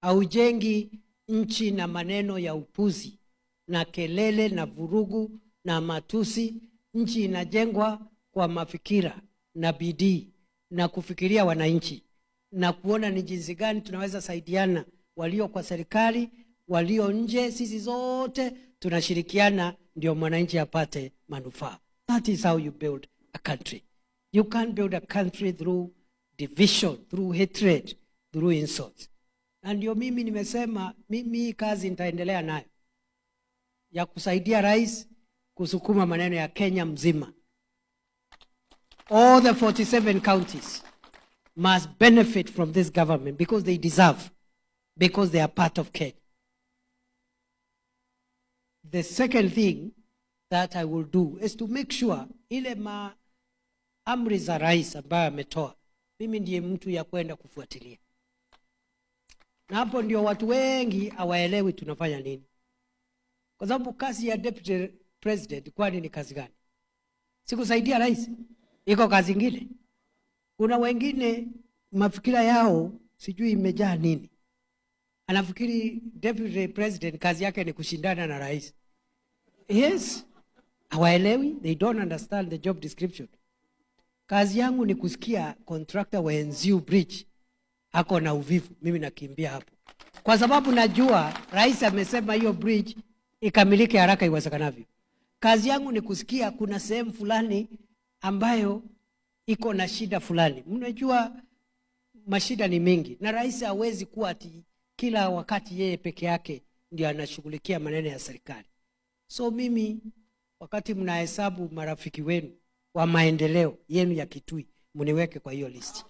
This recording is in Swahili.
haujengi nchi na maneno ya upuzi na kelele na vurugu na matusi. Nchi inajengwa kwa mafikira na bidii na kufikiria wananchi na kuona ni jinsi gani tunaweza saidiana, walio kwa serikali, walio nje, sisi zote tunashirikiana, ndio mwananchi apate manufaa. That is how you build a country. You can't build a country through division, through hatred, through insults na ndio mimi nimesema mimi kazi nitaendelea nayo ya kusaidia rais kusukuma maneno ya Kenya mzima. All the 47 counties must benefit from this government because they deserve, because they are part of Kenya. The second thing that I will do is to make sure ile amri za rais ambayo ametoa, mimi ndiye mtu ya kwenda kufuatilia. Na hapo ndio watu wengi hawaelewi tunafanya nini, kwa sababu kazi ya deputy president kwani ni kazi gani? Sikusaidia rais, iko kazi ingine. Kuna wengine mafikira yao sijui imejaa nini, anafikiri deputy president kazi yake ni kushindana na rais. Yes, hawaelewi, they don't understand the job description. Kazi yangu ni kusikia contractor wenziu bridge ako na uvivu, mimi nakimbia hapo, kwa sababu najua rais amesema hiyo bridge ikamilike haraka iwezekanavyo. Kazi yangu ni kusikia kuna sehemu fulani ambayo iko na shida fulani. Mnajua mashida ni mengi, na rais hawezi kuwa ati kila wakati yeye peke yake ndio anashughulikia maneno ya serikali. So mimi wakati mnahesabu marafiki wenu wa maendeleo yenu ya Kitui, mniweke kwa hiyo listi.